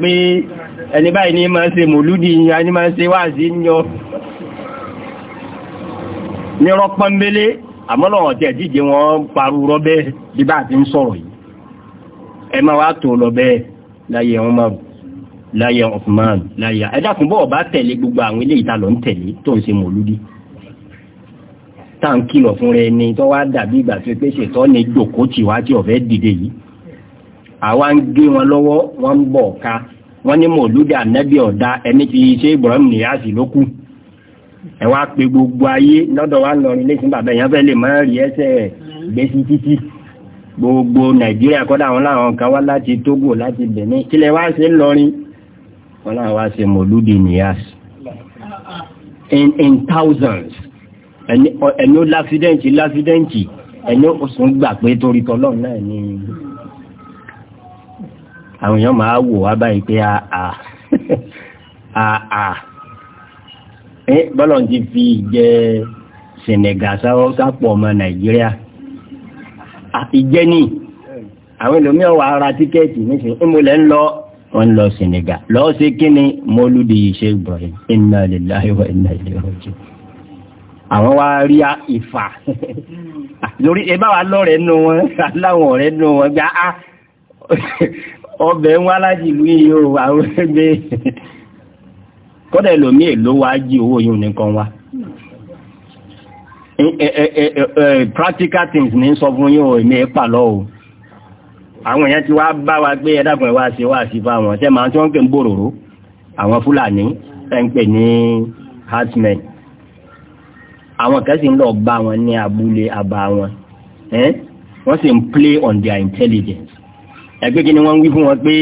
pé ẹni báyìí ní máa ṣe mòlúdì ìyá ní máa ṣe wáàzí yọ ní rọpọ́nbélé àmọ́lọ̀wọ̀n tẹ̀ díje wọn parú rọ́bẹ́ bí bá ti ń sọ̀rọ̀ yìí ẹ máa wá tó lọ bẹ́ẹ̀ láyé Umaru láyé Uthman láyé ẹ̀dàkùn bọ́ọ̀ bá tẹ̀lé gbogbo àwọn ilé ìta lọ ń tẹ̀lé tó ń àwa ń gé wọn lọ́wọ́ wọ́n ń bọ̀ ká wọ́n ní mọ̀lúdà nẹ́bí ọ̀dá ẹni tí ṣe Ibrahim Niyasi ló kù ẹ wá pe gbogbo ayé lọ́dọ̀ wa lọ lẹ́sìn bàbá èèyàn fẹ́ lè má rí ẹsẹ̀ gbèsè títí gbogbo Nàìjíríà kọ́dà wọn láwọn kan wá láti Togo láti Benin kílẹ̀ wá ṣe ń lọrin wọn láwọn wá ṣe mọ̀lúdì Niyasi in in thousands ẹni ó láfidẹ́ǹtì láfidẹ́ǹtì ẹni ó sùn gbà pé torí tọ́lọ́ náà ni àwọn èèyàn máa wò wá báyìí pé àà àà bọ́lọ̀ ti fi jẹ Senegal sápọ̀ ọmọ Nàìjíríà ìjẹ́ni àwọn ẹlòmíràn wà ra tíkẹ́ẹ̀tì níṣẹ́ mo lẹ́ ń lọ wọ́n lọ Senegal lọ́ọ́ sí kíni mọ́lúdi Sheikh Ibrahim inna lillahi wa inna ilayhi raji'un àwọn wá rí ìfà lórí ẹ bá wa lọ́rẹ̀ẹ́ nù wọn aláwọ̀ rẹ̀ nù wọn gbá á ọbẹ̀ ń wá láti ìlú yìí o àwọn ẹgbẹ́ kọ́dẹ̀ lómi èlò wa jí owó yìí nìkan wa practical things ní sọ fún yín o èmi ẹ̀ pàlọ́ o àwọn èèyàn ti wá bá wa gbé ẹ̀dàkùn ẹ̀ wá sí wá sí fún àwọn tẹ́ máa tí wọ́n ń pè ń bòròró àwọn fúlàní ẹ̀ ń pè ní herdsmen àwọn kan sì ń lọ bá wọn ní abúlé àbá wọn wọ́n sì ń play on their intelligence ẹgbẹ́ kí ni wọ́n ń wí fún wọn pé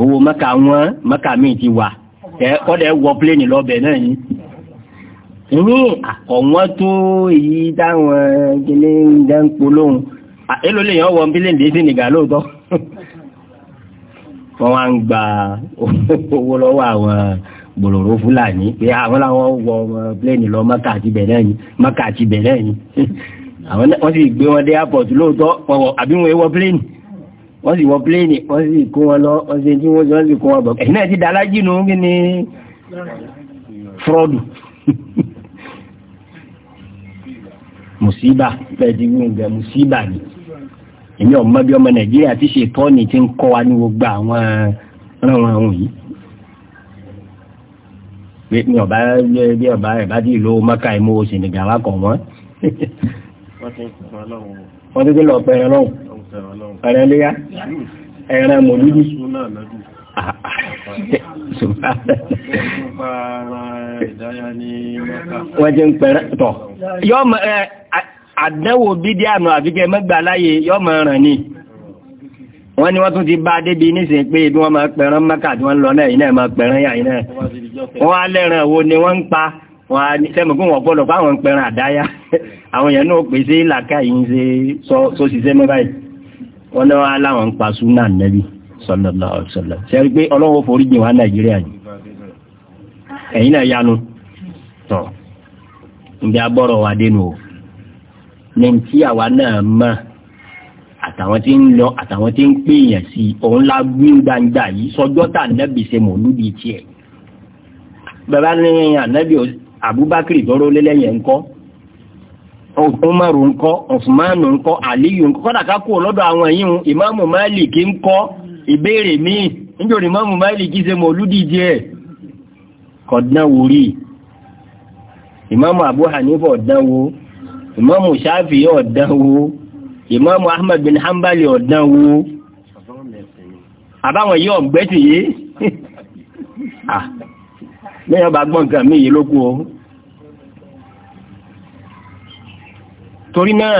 owó mẹ́ka wọn mẹ́ka míì ti wà kọ́dẹ̀ wọ pléènì lọ́bẹ̀ náà yìí ní ọ̀wọ́n tó èyí táwọn kíní ń dá ń polóhùn èlò lè yàn wọ bílíọ̀nù dé sí nìgà lóòótọ́ wọ́n wá ń gba owó lọ́wọ́ àwọn gbòòrò fúlàní pé àwọn làwọn wọ pléènì lọ mẹ́ka àti bẹ̀rẹ̀ yìí mẹ́ka àti bẹ̀rẹ̀ yìí àwọn sì gbé wọn dé airport lóòótọ́ àbí wọn wọ pléènì wọ́n sì wọ pléènì wọ́n sì kó wọn lọ wọ́n sì tí wọ́n sì wọ́n sì kó wọn bọ̀ ẹ̀yìn náà ti dà lájì nù kí ni fúrọ́dù mùsíbà bẹ́ẹ̀ ti wí nǹkan ni èmi ọmọ bí ọmọ nàìjíríà ti ṣe tọ́ni ti ń kọ́ wa ní gbogbo àwọn ránran àwọn yìí pé mi ọba bí ọba rẹ̀ bá ti lo mọ́kà ìmọ̀ òsì nìgbà wa kọ̀ wọ́n. wọ́n ti ń lọ pẹ̀rẹ̀ lọ́hùn ẹ̀rẹ́ léyá ẹ̀rẹ́ mọ̀lúdí wọ́n jẹ́ ń pẹ̀rẹ́ tọ̀ yọ́ mọ̀ ẹ̀ àdẹ́wò bídí àmà àfikẹ́ mẹ́gbà láyé yọ́ mọ̀ ràn ní wọ́n ní wọ́n tún ti bá débi nísìn pé bí wọ́n máa pẹ̀rán mẹ́kà tí wọ́n lọ náà iná máa pẹ̀rán yà iná wọ́n á lẹ́ràn wo ni wọ́n ń pa wọ́n á ní sẹ́mi fún ọ̀pọ̀lọpọ̀ àwọn pẹ̀rán àdáyá àwọn èèyàn náà pèsè làkà yìí ń ṣe sọ sí sẹ́mi báyìí wọ́n náà wá láwọn ń pa súnà nẹ́bí sallallahu alaihi wasallam sẹ́rí pé ọlọ́wọ́ forí jìn wá nàìjíríà yìí ẹ̀yìn náà yanu tọ̀ ǹbí abọ́rọ̀ wa dénú o ní tí àwa náà mọ̀ àtàwọn tí ń lọ àtàwọn tí ń pèèyàn sí òun la gbé gbangba yìí sọjọ́ tà nẹ́bí ṣe mọ̀ lúbi tiẹ̀ bàbá ní ànẹ́bí Abubakar tọrọ lélẹ́yìn ńkọ́ Umaru ńkọ́ Usmanu ńkọ́ Aliyu ńkọ́ kọ́dà ká kúrò lọ́dọ̀ àwọn yìí hun Ìmáàmù Málìkì ńkọ́ ìbéèrè míì nítorí Ìmáàmù Málìkì ṣe mọ̀lúdìje ẹ̀ kọ̀dánwò rí Ìmáàmù Abu Hanifa ọ̀dánwò Ìmáàmù Shafi ọ̀dánwò Ìmáàmù Ahmad bin Hanbali ọ̀dánwò àbáwọn yìí ọ̀gbẹ́sì ah, yìí mẹ́yàn bá gbọ́n nǹkan mí yìí lókù o. torí náà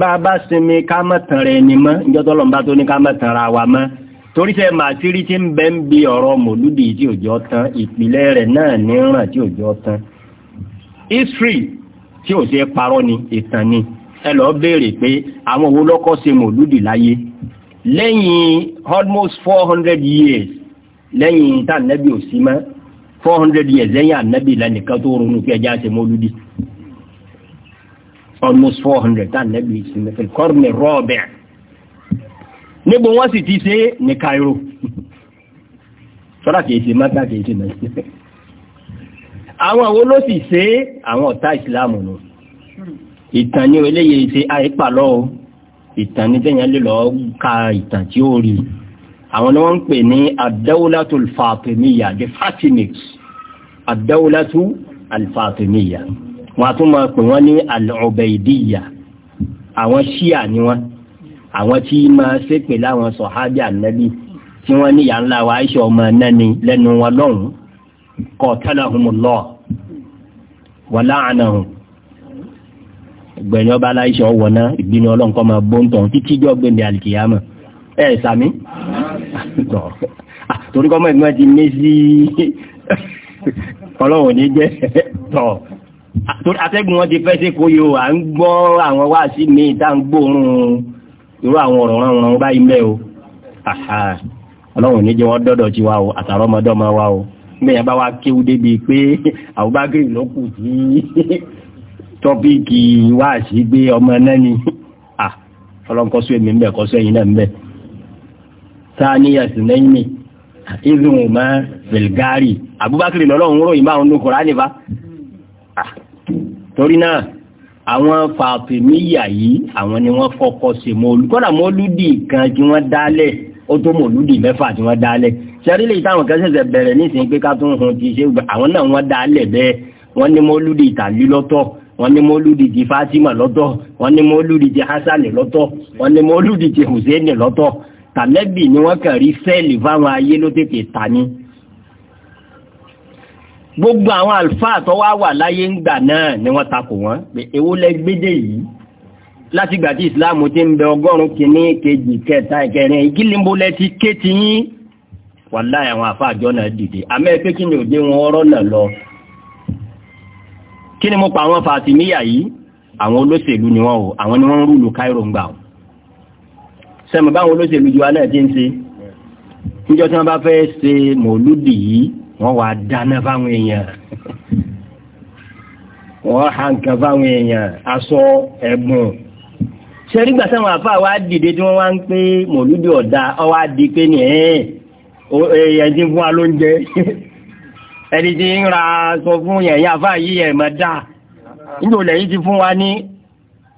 bá a bá sinmi ká má tàn rẹ̀ ni mọ́ níjọ́ tó lọ́nba tó ní ká má tàn ra wa mọ́ torí sẹ́ màtírí tí ń bẹ ń bi ọ̀rọ̀ mòlúdì tí òjò tán ìpìlẹ̀ rẹ̀ náà ní ràn tí òjò tán history tí ò ṣe parọ́ ni ìtàn ni ẹ lọ béèrè pé àwọn owó lọ́kọ́ ṣe mòlúdì láyé lẹ́yìn almost four hundred years lẹ́yìn tá ànábì ò sí mọ́ four hundred years lẹ́yìn ànábì lẹ́nìkan tó ronú pé ṣe mòlúdì. almost four hundred tá nẹ́bí sinmi kọ́rùnì rọ́ọ̀bẹ̀ níbo wọ́n sì ti ṣe ní Cairo sọ́dá kìí ṣe mọ́tà kìí ṣe mọ́tà àwọn àwọn ló sì ṣe àwọn ọ̀tá ìsìláàmù nù ìtàn ní eléyìí ṣe àìpàlọ́ o ìtàn ní tẹ̀yìn lè lọ́ọ́ ka ìtàn tí ó rí àwọn ni wọ́n ń pè ní ad-dawlatul fatimiyya the Fatimids ad-dawlatul fatimiyya wọn a tún máa pè wọ́n ní al-Ubaydiyya àwọn ṣíà ni wọ́n àwọn tí máa ṣépè láwọn sọ̀hábì ànábì tí wọ́n ní ìyá ńlá wa Aisha ọmọ nẹ́ni lẹ́nu wọn lọ́hùn-ún qatalahumullah wa la'anahum gbẹ̀yìn ọba aláìṣẹ́ ọwọ́ná ìbínú ọlọ́nkọ́ máa bó ń tàn títí jọ gbẹ̀mí alìkìyàmà ẹ̀ sàmí ah, torí kọ́mọ̀ ìgbọ́n ti mé sí ọlọ́run ní jẹ́ tọ̀ torí atẹ́gùn wọn ti fẹ́ sí kó yìí o à ń gbọ́ àwọn wáàsí mi ìta ń gbóòórùn irú àwọn ọ̀rọ̀ ràn wọn báyìí mẹ́ o ọlọ́run níjẹ́ wọn dọ́dọ̀ ti wa o àtàrọ́ ọmọdé ọmọ wa o mẹ́yà bá wa kéwú débi pé àwùbákiri ló kù sí tọ́píìkì wáàsí gbé ọmọ náà ni ọlọ́run kọ́sọ́ èmi ńbẹ̀ kọ́sọ́ ẹ̀yin náà ńbẹ̀ sáníyà sí lẹ́yìn mi ìdùnnú mọ́ bẹ̀lgárì àbúbákiri lọ́lọ́run ròyìn báwọn ló torí náà àwọn fàtìmíyà yìí àwọn ni wọ́n kọ́kọ́ ṣe mọ́lú kọ́dà mọ́lúdì kan tí wọ́n dálẹ̀ ó tó mọ́lúdì mẹ́fà tí wọ́n dálẹ̀ sẹ́rílẹ̀ ìtàwọn kan ṣẹ̀ṣẹ̀ bẹ̀rẹ̀ nísìnyí pé ká tún hun ti ṣe àwọn náà wọ́n dálẹ̀ bẹ́ẹ̀ wọ́n ní mọ́lúdì ìtàlí lọ́tọ̀ wọ́n ní mọ́lúdì ti Fatima lọ́tọ̀ wọ́n ní mọ́lúdì ti Hasan lọ́tọ̀ wọ́n ní mọ́lúdì ti Hussein lọ́tọ̀ tàlẹ́bì ni wọ́n kàn rí sẹ́ẹ̀lì fáwọn ayé ló tètè ta ni gbogbo àwọn àlùfáà tó wá wà láyé ńgbà náà ni wọ́n takò wọ́n pé èwo lẹ gbédè yìí láti gbà tí ìsìláàmù ti ń bẹ ọgọ́rùn kìíní kejì kẹta ìkẹrin ìgílímbolẹ ti ké ti yín wàláhì àwọn àfáàjọ náà dìde àmẹ́ pé kí ni òde wọn ọ̀rọ̀ náà lọ kí ni mo pa àwọn fàtìmíyà yìí àwọn olóṣèlú ni wọn o àwọn ni wọn ń rúlu káírò ń o sẹ́mi báwọn olóṣèlú ju alẹ́ ti ń ṣe níjọ́ tí wọ́n bá fẹ́ ṣe mòlúdì yìí wọ́n wá dáná fáwọn èèyàn wọ́n ha nǹkan fáwọn èèyàn aṣọ ẹ̀bùn ṣẹ́rí gbà táwọn àfáà wá dìde tí wọ́n wá ń pé mòlúdì ọ̀dà ọwá di pé ní ẹ̀yẹn tí fún wa ló ń jẹ ẹni tí ń ra aṣọ fún yẹ̀yìn àfáà yìí ẹ̀ mọ̀ dá nílò lẹ́yìn ti fún wa ní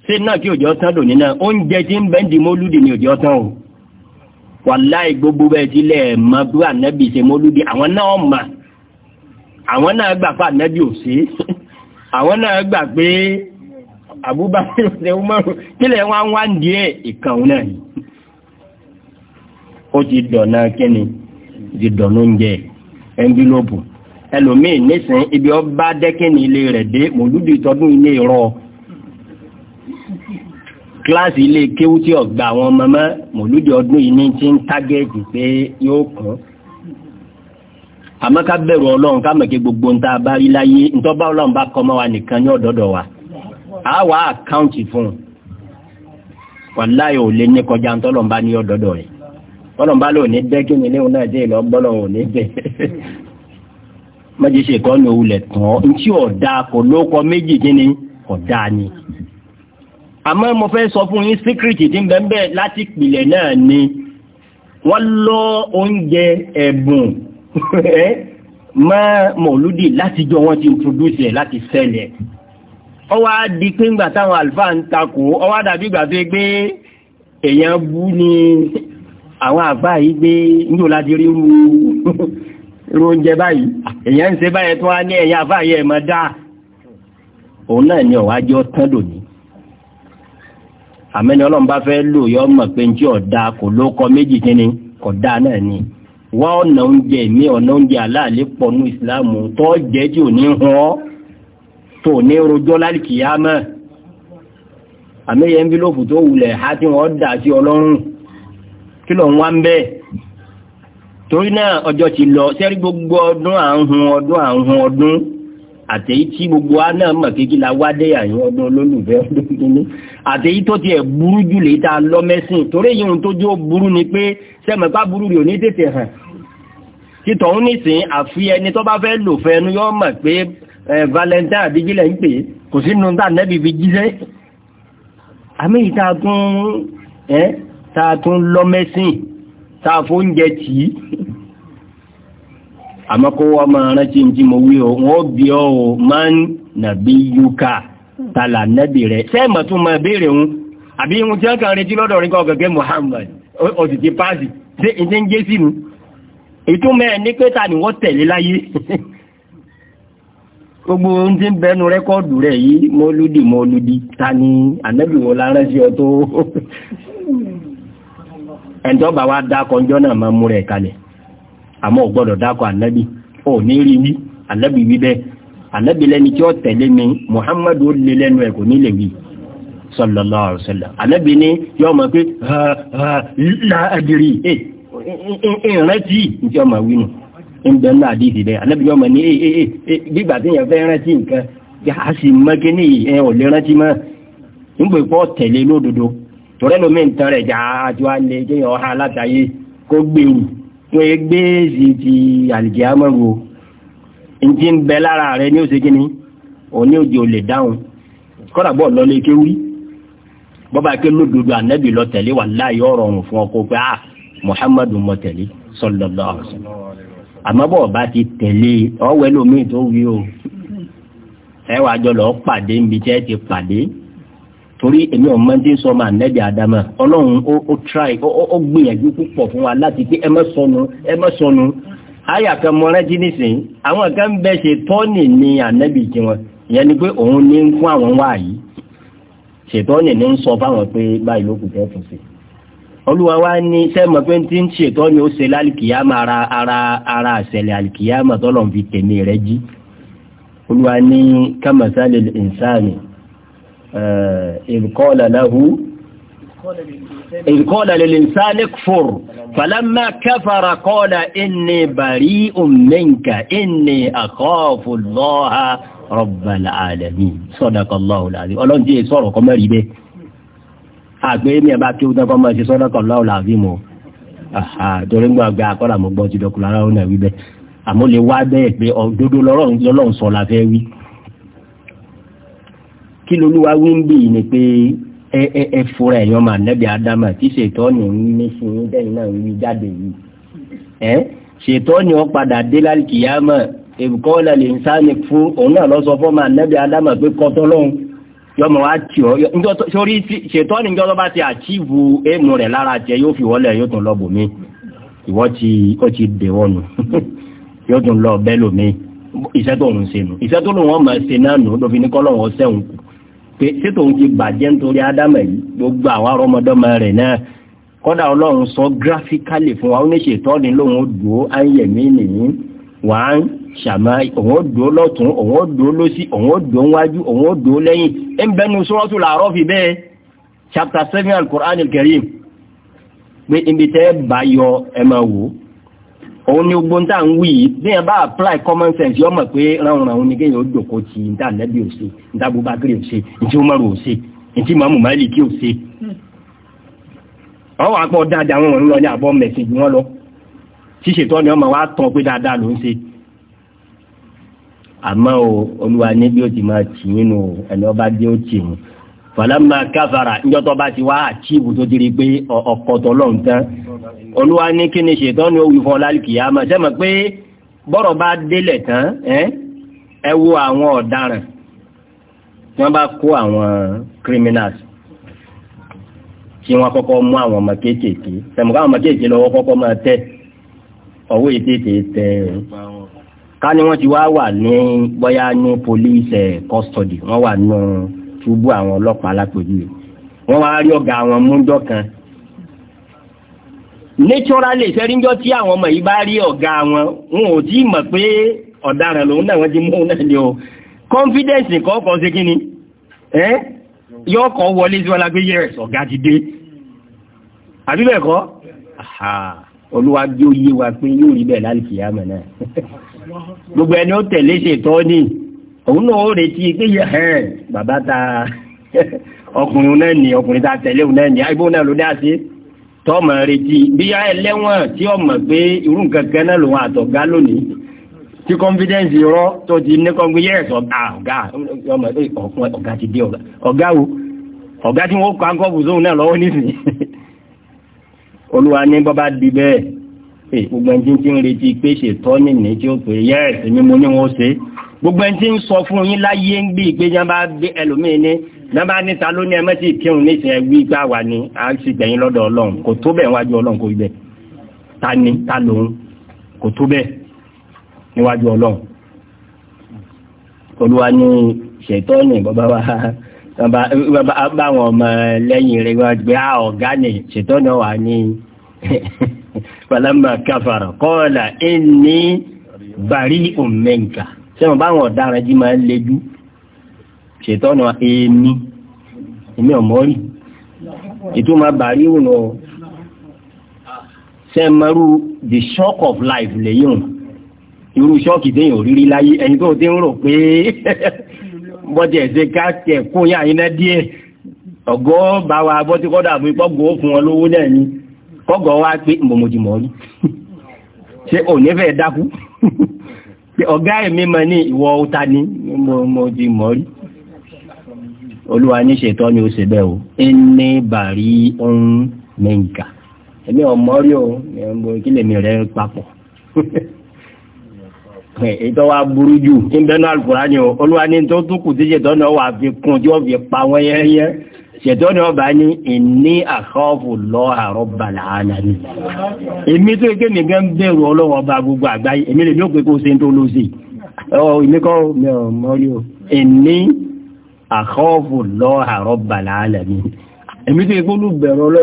ṣé náà kí òjò tán lòní náà oúnjẹ tí ń bẹ́ǹdì mólúdì ni òjò tán o wàláì gbogbo bẹ́ẹ̀ tilẹ̀ mọ bí ànábì ṣe mọ́lúdí àwọn náà mà àwọn náà gbà pé ànábì ò sí àwọn náà gbà pé Abubakar ṣe Umaru kílẹ̀ wọn wá ń díẹ̀ ìkànnì náà ni ó ti dọ̀nà kíni ti dọ̀nà oúnjẹ ẹnbílóòpù ẹlòmíì nísìnyí ibi ọba dẹ́kìnì ilé rẹ̀ dé mọ́lúdí tọdún ilé rọ̀ kíláàsì ilé kéwú ọgbà ọ̀gbà àwọn mọ́mọ́ mòlúdì ọdún yìí ní ti ń tágẹ́ẹ̀tì pé yóò kún àmọ́ ká bẹ̀rù ọlọ́run ká mọ̀ gbogbo ń ta bá rí láyé ntọ́ba ọlọ́run bá kọ́ mọ́ wa nìkan ní ọ̀dọ́dọ̀ wa a wà á kọjá ntọ́lọ́run bá ní ọ̀dọ́dọ̀ rẹ̀ ọlọ́run bá ní bẹ́ kí ni léwu náà dé ìlọ ò ní àmọ́ mo fẹ́ sọ fún yín síkírìtì tí ń bẹ ń láti ìpìlẹ̀ náà ni wọ́n lọ oúnjẹ ẹ̀bùn mọ́ mọ̀lúdì láti jọ wọ́n ti introduce ẹ̀ láti sẹ́lẹ̀ ọ wá di pé ńgbà táwọn àlùfáà ń takò ọ wá dàbí ìgbà tó gbé èèyàn bú ni àwọn àgbà yìí gbé níjò láti rí ru oúnjẹ báyìí èèyàn ń ṣe báyẹn tó wá ní ẹ̀yà àfáàyẹ ẹ̀mọ́ dáa òun náà ni ọ̀wájọ́ tán lónìí àmẹ́ni ọlọ́run bá fẹ́ lò yọ mọ̀ pé njẹ́ ọ̀dà kò ló kọ méjì kínní kò dáa náà ni wá ọ̀nà oúnjẹ mi ọ̀nà oúnjẹ aláàlẹ́ pọ̀ ní ìsìláàmù tó jẹ́ tí ò ní hàn ọ́ tó ní rojọ́ lálìkìyámà àmẹ́yẹ ẹ́ńbílòfù tó wulẹ̀ há tí wọ́n dà sí ọlọ́run kí ló ń wá ń bẹ́ẹ̀ torí náà ọjọ́ ti lọ sẹ́rí gbogbo ọdún à ọdún à ọdún àtẹ̀yí tí gbogbo wa náà mọ̀ kékeré la wá dé àyìn ọdún olólùfẹ́ ọdún kìíní àtẹ̀yí tó tiẹ̀ burú jù lè ta lọ́mẹ́sìn torí èyí ohun tó jó burú ni pé sẹ́mọ̀pá burú rẹ̀ ò ní tètè hàn títọ̀ ń nìsín àfi ẹni tó bá fẹ́ lò fẹ́ ẹnu yọ mọ̀ pé valentine àbíjílẹ̀ ń pè kò sí nu tá nẹ́bí fi jíṣẹ́ àmì ìta tún ẹ́ ta tún lọ́mẹ́sìn ta fóúnjẹ tì í àmọ́ kó wọ́n máa rántí tí mo wí o ọ bí ọ́ o máa nàbí yúkà tàlà nẹ́bì rẹ̀ sẹ́ẹ̀mọ̀ tún máa béèrè ń Muhammad ti páàsì ṣé ìdí ń gé sí mi ìtumọ̀ ta ni gbogbo tí ń bẹnu rẹ́kọ́ọ̀dù rẹ̀ yìí mo lùdì ta ni wo la ọ tó àmọ́ ò gbọ́dọ̀ dákọ̀ ànábì ò ní rí wí ànábì wí bẹ́ẹ̀ ànábì lẹ́ni tí ó tẹ̀lé mi muhammadu o lele lẹ́nu ẹ̀ kò ní wí sallallahu alaihi ti ànábì ma yóò ha pé la adiri ẹ̀ eh, eh, eh, ìrántí ní ọmọ wí nù ń bẹ náà àdìsí bẹ́ẹ̀ ànábì yóò mọ̀ ní ẹ̀ ẹ̀ ẹ̀ gbígbà tí yẹn fẹ́ rántí nǹkan yà á sì ní ò lè rántí ń pè tẹ̀lé lódodo ń rẹ̀ á wọ́n yẹ gbé èsì ti àlìkìyàmọ̀ wo ntí ń bẹ lára rẹ ní òsè kínní òun ní òjò lè dáhùn kọ́dà bọ́ lọ́lé kéwì bọ́bá ké lódodo ànábì lọ tẹ̀lé wà láàyè ọ̀rọ̀ ọ̀run fún ọkọ̀ pé ah Muhammadu mọ tẹ̀lé sallallahu alaihi wasallam àmọ́ bọ́ ọba ti tẹ̀lé ọ̀wẹ́ lómi tó wí o ẹ wàá pàdé níbi tí ti pàdé torí èmi ọ̀mọdé sọmọ ànẹ́bí adama ọlọ́run ó try ó gbìyànjú púpọ̀ fún wa láti pé ẹ má sọnù ẹ má sọnù àyà kan mọ rántí nísìnyí àwọn kan ń bẹ ṣe tọ́ọ̀nì ní ànẹ́bí wọn ìyẹn ni pé òun ní ń fún àwọn wá yìí ṣètọ́ọ̀nì ní ń sọ fáwọn pé báyìí ló kù tẹ́ fún sí olúwa wa ní sẹ́mọ̀ pé tí ń ṣètọ́ọ̀nì ó ṣe lálìkìyàmà ara ara ara àṣẹlẹ̀ àlìkìyàmà tọ́lọ̀ fi tèmi rẹ jí olúwa ní kámasálẹ̀ Eh, إذ قال له إذ قال للإنسان اكفر فلما كفر قال إني بريء منك إني أخاف الله رب العالمين صدق الله العظيم ọlọ́run tí sọ̀rọ̀ kọ mẹ́rin bẹ́ àgbé mi ẹ̀bá kí ó tẹ́kọ́ mọ́ ṣe صدق الله العظيم o torí ń gbọ́ àgbà akọ́là mọ́ gbọ́ ti dọ̀kùnrin ara ó nà wí bẹ́ àmọ́ lè wá bẹ́ẹ̀ pé òdodo lọ́rọ̀ ń sọ la fẹ́ wí kí lolúwa wíńbì ni pé ẹ ẹ ẹ fura ẹ̀yàn máa nẹ́bí ádámà tí ṣètọ́ ní ní sinmi náà ń wí jáde yìí ẹ ṣètọ́ ni wọ́n padà dé lálùkìyàmọ̀ èbùkọ́ ọ̀là lè ń sáni fún òun náà lọ sọ fún máa nẹ́bí ádámà pé kọ́tọ́ lọ́hùn yọmọ wa tì ọ sórí ṣètọ́ ni jọ́dọ́ bá ti àchíìvù ẹ̀mú rẹ̀ lára jẹ yóò fi wọlé yóò tún lọ bòmí ìwọ́ ti ó ti dè wọnù yóò tún lọ bẹ́ẹ̀ lòmí iṣẹ́ tó ń ṣe nù tó lòun ọmọ ṣe náà nù lófin ní kọ́ sẹ́wọ̀n kù pé títò ń ti bàjẹ́ nítorí ádámà yìí gbogbo àwọn arọmọdọ́mọ rẹ̀ náà kọ́dà ọlọ́run sọ gíráfíkálì fún wa ó ní ṣètọ́ ni lóun ó dùn á ń yẹ̀mí nìyí wà á ń ṣàmà òun ó dùn lọ́tún òun ó dùn lọ́sí òun ó dùn wájú òun ó dùn lẹ́yìn ẹ̀ ń bẹnu sọ́ọ́tù làárọ̀ fi bẹ́ẹ̀ chapter seven al-Qur'an al-Karim pé ibi tẹ́ bá yọ ẹ máa wò ó òun ni ogbon tá à ń wí yìí bí ẹ bá apply common sense yọ mọ̀ pé ránranrun ni kéèyàn ó jòkó ti níta nẹ́bí ò ṣe nta bubakiri ò ṣe nti umaru ò ṣe mamu ò ṣe. dáadáa wọn lọ ní àbọ̀ mẹ́sẹ̀gì wọn lọ ṣíṣe tọ́ ni ọmọ wa tán pé dáadáa ló ń ṣe. àmọ́ o olúwa ní ti máa tì ọba tì fàlámà káfàrà ńjọ́tọ́ bá ti wá àchíìbù tó ti rí pé ọ̀kọ̀tọ̀ lọ́n tán olúwa ní kí ni ṣètọ́ ni ó wí fún ọlálìkì yá máa sẹ́mọ̀ pé bọ́rọ̀ bá délẹ̀ tán ẹ wo àwọn ọ̀daràn tí wọ́n bá kó àwọn criminals tí wọ́n kọ́kọ́ mú àwọn ọmọ kéékèèké sẹ́mọ̀ káwọn ọmọ kéékèèké lọ́wọ́ kọ́kọ́ máa tẹ̀ ọwọ́ ètètè tẹ̀ ká ní wọ́n ti wá wà ní bóyá ní police eh, custody wọ́n wà nù. No, túbú àwọn ọlọ́pàá alápèjú yìí wọ́n wá rí ọ̀gá àwọn múndọ́ kan naturally sẹ́ríńjọ́ tí àwọn ọmọ yìí bá rí ọ̀gá wọn wọn ò tí mọ̀ pé ọ̀daràn lòun náà wọ́n ti mú náà ni o confidence kọ́kọ́ ṣe kí ni yóò kọ́ wọlé sí ọlá pé yes ọ̀gá ti dé àbí bẹ́ẹ̀ kọ́ olúwa bí ó yé wa pé yóò rí bẹ́ẹ̀ lálùkìyàmọ̀ náà gbogbo ẹni ó tẹ̀lé ṣètọ́ ní òun náà ó retí pé yẹ bàbá ta ọkùnrin náà ní ọkùnrin ta tẹ̀lé òun náà ní àìbó náà ló dá sí tọ́mọ retí bí yá ẹlẹ́wọ̀n tí ọmọ pé irú nǹkan kan náà lòun àtọ̀gá lónìí tí confidence rọ tó ti ní kọ́ngbé yẹ ẹ̀sọ́ ọ̀gá ọmọ pé ọ̀gá ti dé ọ̀gá wo ọ̀gá tí wọ́n kọ́ akọ́ bùsùn náà lọ́wọ́ nísìnyí olúwa ní bọ́bá di bẹ́ẹ̀ gbogbo ẹni tí ń retí pé ṣètọ́ nìyí tí ó pè yẹ́ ẹ̀sìn mímú ni wọ́n ṣe é gbogbo ẹni tí ń sọ fún yín láyé ń gbé ìgbé yẹn bá gbé ẹlòmíín ní yẹn bá níta lónìí ẹ mẹ́tì kírun ní ìsìn ẹgbẹ́ ìgbà wà ní àṣìgbẹ̀yìn lọ́dọ̀ ọlọ́run kò tó bẹ́ẹ̀ wájú ọlọ́run kò ibẹ̀ ta ni ta lòun kò tó bẹ́ẹ̀ níwájú ọlọ́run olúwa ní ṣètò ní bàbá wa bàbá àwọn ọmọ lẹ́yìn rẹ̀ wọ́n gbé ọ̀gá ní ṣètò náà wà ní falamma kafara qala inni bari'un minka sẹ́wọ̀n báwọn ọ̀daràn jí máa ń lejú ṣètọ́nà èémí èmi ọ̀mọ́rì ètò máa bàrí òun ọ̀ sẹ́mọ́rú the shock of life lẹ́yìn irú ṣọ́ọ̀kì déyìn òrírí láyé ẹni tó ti ń rò pé bọ́dì ẹ̀sẹ̀ ká tẹ̀ kún yá iná díẹ̀ ọ̀gọ́ bá wa bọ́ tí kọ́dà bí pọ́gọ́ fún wọn lówó náà ni kọ́gọ́ wa pé mbọ̀mọ̀dìmọ̀ rí ṣé ò ní fẹ́ dákú pé ọ̀gá ẹ̀mí mọ̀ ní ìwọ ọ̀ta ni mo di mọ̀ rí olúwa ní ṣètọ́ ni ó ṣe bẹ́ẹ̀ o ẹni bàrí ohun mẹ́ǹkà ẹ̀mí ọmọ rí o ẹ̀mọ́ ìkílẹ̀mí rẹ̀ papọ̀ ìtọ́ wa burú jù ń bẹ́nu àlùkùrá ni o olúwa ní tó tún kù tí ṣètọ́ náà wà fi kún tí ó pa wọ́n yẹ́yẹ́ ṣètò ní ọba ní ìní àkọ́ọ̀fù lọ àrọ́bà láàánà ní èmi tó gé nìkan ń bẹ̀rù ọlọ́wọ́ ọba gbogbo àgbáyé èmi lè ní òpin kó se ń tó ló sí ọ èmi kọ́ ìní àkọ́ọ̀fù lọ àrọ́bà láàánà ní èmi tó ikú lùbẹ̀rù ló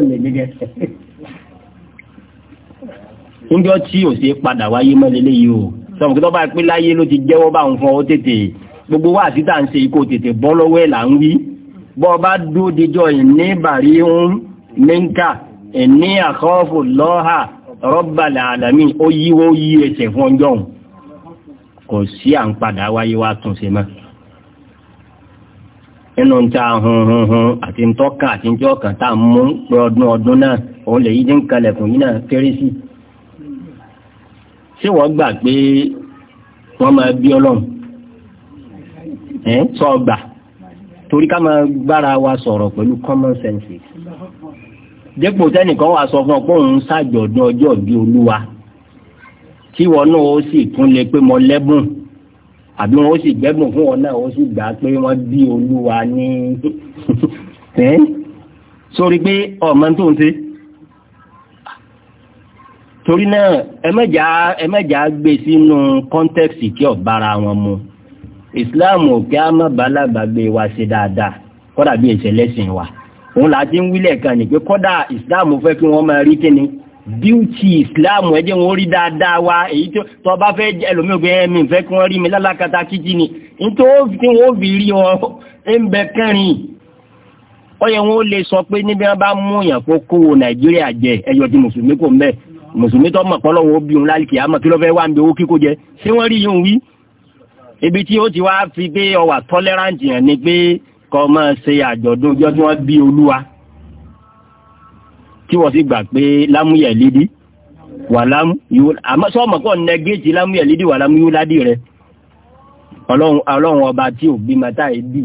ti jẹ́wọ́ bọ́ bá dú díjọ ìní bàrí ń níǹkà ìní àkọ́ọ̀fù lọ́ha rọ́bàlà àlàmí ó yíwó yí ẹsẹ̀ fún ọjọ́ òun kò sí à ń padà wáyé wá tún ṣe mọ́ nínú ta hunhunhun àti ń tọ́ka àti ń jọ́ kan tá mú ọdún ọdún náà òun lè yí dín kalẹ̀kùn yìí náà kéré sí ṣé wọ́n gbà pé wọ́n máa bí ọlọ́run ẹ̀ sọ gbà torí ká máa gbára wa sọ̀rọ̀ pẹ̀lú common sense dépò tẹ́nìkan wà sọ fún ọ pé òun ṣàjọ̀dún ọjọ́ bí olúwa tí wọn náà ó sì tún lè pé mo lẹ́bùn àbí wọn ó sì gbẹ́bùn fún wọn náà ó sì gbà pé wọ́n bí olúwa ní sórí pé ọmọ tó ń ṣe torí náà ẹ mẹ́jà gbé sínú kọ́ńtẹ́ksì tí ọ̀bára wọn mu islam ò kí a má balàgbàgbé wa ṣe dáadáa kọ́dà bí ẹ̀ṣẹ̀ lẹ́sìn wa òun láti ń wílẹ̀ kan ní pé kọ́dà islam fẹ́ kí wọ́n máa rí kíni bíútì islam ẹ jẹ́ wọn rí dáadáa wa èyí tó bá fẹ́ ẹlòmíì ẹ̀mí fẹ́ kí wọ́n rí mi lálàkàtà kíjì ni nítorí tí wọ́n fi rí wọn ń bẹ kẹrin ọyẹ wọn ó lè sọ pé níbi wọn bá mú yàn kó kó wo nàìjíríà jẹ ẹyọ ti mùsùlùmí kò ń bẹ mùsùlùmí tó mọ̀ pọ́lọ́wọ́ bí òun lálẹ́ kìá mọ̀ kí ló fẹ́ wá ń bẹ owó kíkó jẹ ṣé wọ́n rí yóò wí ibi tí ó ti wá fi pé ọwà tolerant yẹn ni pé kọ́ máa ṣe àjọ̀dún ọjọ́ tí wọ́n bí olúwa tí wọ́n sì gbà pé lámúyẹ̀ lídìí wàlámù yóò àmọ́ sọ́mọ̀ kọ́ nẹgẹ́tì lámú yẹ̀ lídì wàlámù yóò ládì rẹ̀ ọlọ́run ọba tí ò bí mata yìí bí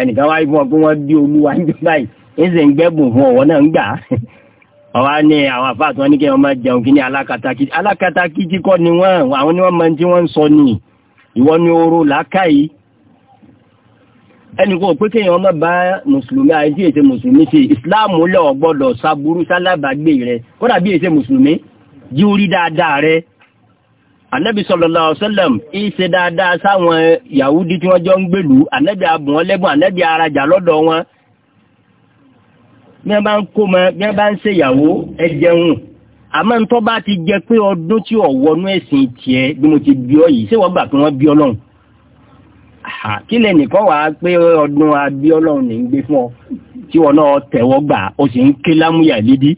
ẹnìkan wáyé fún ọ pé wọ́n bí olúwa ń báyìí ń sì ń gbẹ́bùn fún ọ̀wọ́ náà ń gbà ọwọ́ ní àwọn àfáà tí ní kí wọ́n máa jẹun kí ní alákatakí alákatakí tí ni wọ́n àwọn ni wọ́n máa ń tí wọ́n ń sọ nìyí ìwọ ni oru làákàyè ẹnì kan pé kéèyàn má bá mùsùlùmí àìsí èsè mùsùlùmí ṣe ìsìláàmù lẹ ò gbọ́dọ̀ ṣaburú sálábàgbé rẹ kódà bí èsè mùsùlùmí jí orí dáadáa rẹ anabi sallallahu alaihi wasallam ìṣe dáadáa sáwọn yahudi tí wọ́n jọ ń gbèlú anabi abùn wọn lẹ́bùn anabi arajà lọ́dọ̀ wọn bí wọ́n bá ń kó mọ bí wọ́n bá ń ṣèyàwó ẹ jẹun àmọ́ ntọ́ bá ti jẹ pé ọdún tí ò wọnú ẹ̀sìn tiẹ̀ bí mo ti bí ọ yìí ṣé wọ́n gbà pé wọ́n bí ọlọ́run kí lẹ́nìkan wà á pé ọdún abí ọlọ́run ní ń gbé fún ọ tí wọn náà tẹ̀wọ́ gbà ó sì ń ké lámúyà lédi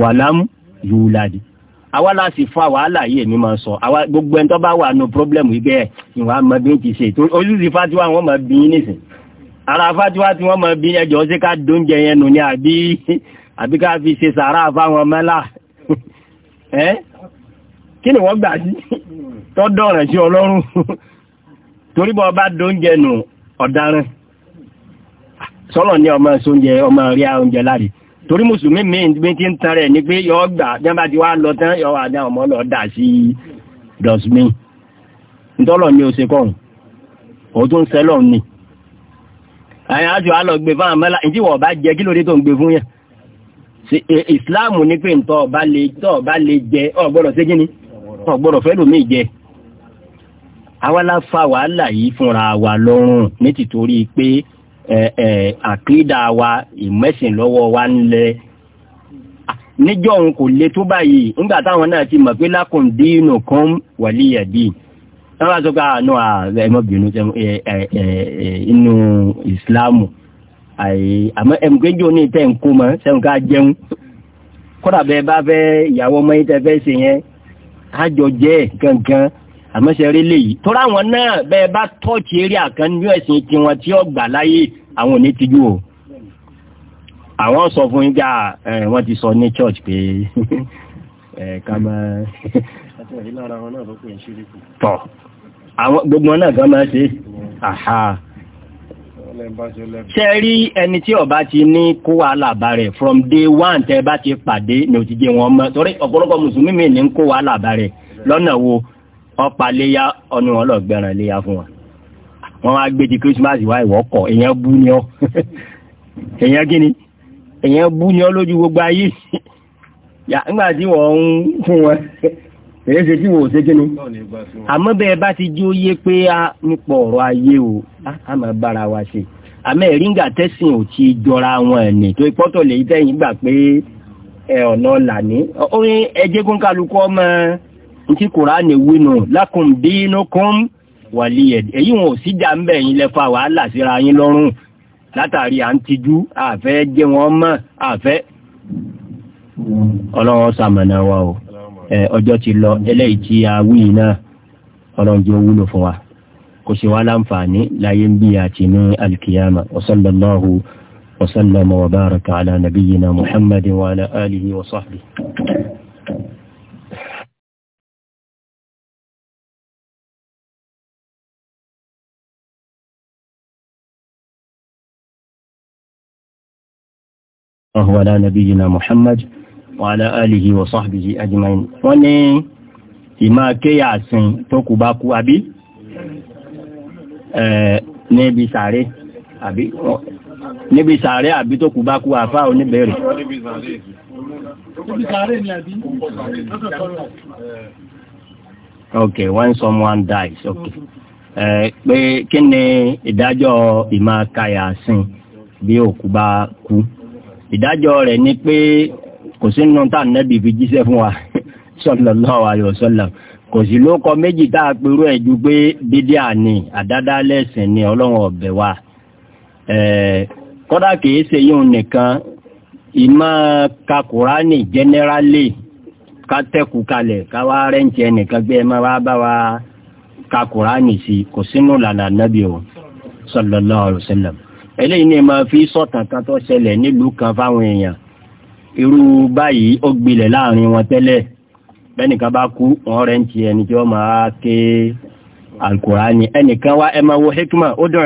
wà lámú yòó ládì àwa la sì fa wàhálà yìí èmi máa sọ àwa gbogbo ẹni tó bá wà nù problem yìí bẹ́ẹ̀ ìwà mọ bí n ti ṣe tó ojúṣe fatiwa wọn mọ bí nísìn ara fatiwa tí wọn mọ bí ẹjọ́ ṣe ká dóúnjẹ yẹn nù ní àbí àbí ká fi ṣe sàárà fáwọn mẹ́là ẹ́ kí ni wọ́n gbà sí tó dọ̀rẹ̀ sí ọlọ́run torí bọ́ bá dóúnjẹ nù ọ̀daràn sọ́lọ̀ ní ọmọ ọmọ rí oúnjẹ torí mùsùlùmí mi ti ń nipe ní pé yọ gbà jẹ́mbà tí wá lọ tán wà ní ọmọ lọ dà sí ntọ́lọ̀ ní fún àmọ́lá ìdíwọ̀ bá jẹ́ kí lóde tó ń fún yẹn E, islam ní pé ntọ́ ọba lè tọ́ ọba lè jẹ ọgbọ́dọ̀ ṣé kí ni ọgbọ́dọ̀ fẹ́ lómi jẹ awala fa wàhálà yìí fúnra wa lọ́rùn ní tìtorí pé àkídà wa ìmẹ́sìn lọ́wọ́ wa ń lẹ níjọ́ òun kò le tó báyìí nígbà táwọn náà ti mọ̀ pé lákùn dínú kan wàlíyà díì wọ́n bá sọ pé àánú ah, ah, ẹ̀mọ́bìnrin inú ìsìláàmù àyè àmọ́ ẹ̀mùgbẹ́jọ ní tẹ́ ń kó mọ́ sẹ́wọ̀n ká jẹun kọ́dà bẹ́ẹ̀ bá fẹ́ ìyàwó ọmọ yìí tẹ́ fẹ́ ṣe yẹn àjọ jẹ́ gangan àmọ́ ṣe rí léyìí tó ráwọn náà bẹ́ẹ̀ bá tọ́ọ̀tì eré àkàn ní ẹ̀sìn tiwọn tí ó gbà láyé àwọn ò ní tijú o àwọn sọ fún yín gbà wọ́n ti sọ ní church pé ká máa tọ̀ àwọn gbogbo náà kan máa ṣe aha ṣe rí ẹni tí ọba ti ní kó wàhálà bá from day one tẹ́ bá ti pàdé ní òtíjẹ wọn mọ́ torí ọ̀pọ̀lọpọ̀ mùsùlùmí mi ní kó wàhálà bá lọ́nà wo ọ̀pá léyà ọ̀nà wọn lọ gbẹ̀ràn léyà fún wa wọn wá gbé ti Christmas wá ìwọ́kọ̀ èèyàn bú ni ọ́ èèyàn kí ni èèyàn bú ni ọ́ lójú gbogbo ayé nígbà tí wọ́n ń fún wọn èyí ṣe tí wò ó ṣe kí ni àmọ́ bẹ́ẹ̀ bá ti jó yé pé a nípa ọ̀rọ̀ ayé o a máa bára wa ṣe àmọ́ ẹ̀ríngà tẹ́sìn ò ti jọra wọn ẹ̀ ní tó ipọ́tọ̀ lèyí tẹ́yìn gbà pé ẹ ọ̀nà làní orin ẹjẹ́ kún kálukú ọmọ ntí kùránì wínú lákùn bínú kún wàlí ẹ̀ èyí wọn ò sí dà ń bẹ̀ yín lẹ́fà wàhálà síra yín lọ́rùn látàrí à ń tijú àfẹ́ jẹ́ wọn mọ́ àfẹ́ ọlọ́run ṣamọ̀nà wa o ọjọ́ ti lọ eléyìí tí a wí náà ọlọ́njẹ́ wúlò fún wa kò sí wa láǹfààní láyé ń bí àti ní alkiyama wasallallahu wasallam wa alihi وهو على نبينا محمد wa ala alihi wa sahbihi ajma'in wọ́n ní ìmá kéyà sin tó kù bá kú àbí níbi sàárè àbí níbi sàárè àbí tó kù bá kú àfá oníbẹ̀rẹ̀ ok when someone dies ok pé kí ni ìdájọ́ ìmá káyà sin bí òkú bá kú ìdájọ́ rẹ̀ ni pé kò sí nínú tá nẹ́bì fi jíṣẹ́ fún wa sallallahu alaihi wasallam kò sí ló kọ méjì tá a pèrú ẹ̀ ju pé bídíà ni àdádá lẹ́sìn ni ọlọ́run ọ̀bẹ̀ wa kódà kìí ṣe yíhun nìkan ìmọ̀ ka kùránì jẹ́nẹ́rálì ká tẹ́kù kalẹ̀ ká wá rẹ́ǹtì ẹnìkan gbé ẹ máa wá bá wa ka kùránì sí kò sínú lànà nẹ́bì o sallallahu alaihi wasallam eléyìí ni ma fi sọ̀tàn kan tó ṣẹlẹ̀ nílùú kan fáwọn èèyàn irú báyìí ó gbilẹ̀ láàrin wọn tẹ́lẹ̀ bẹ́nìkan bá kú wọ́n rẹ̀ ń ti ẹni tí wọ́n máa ké alkùránì ẹnìkan wá ẹ máa wo hikma ud'u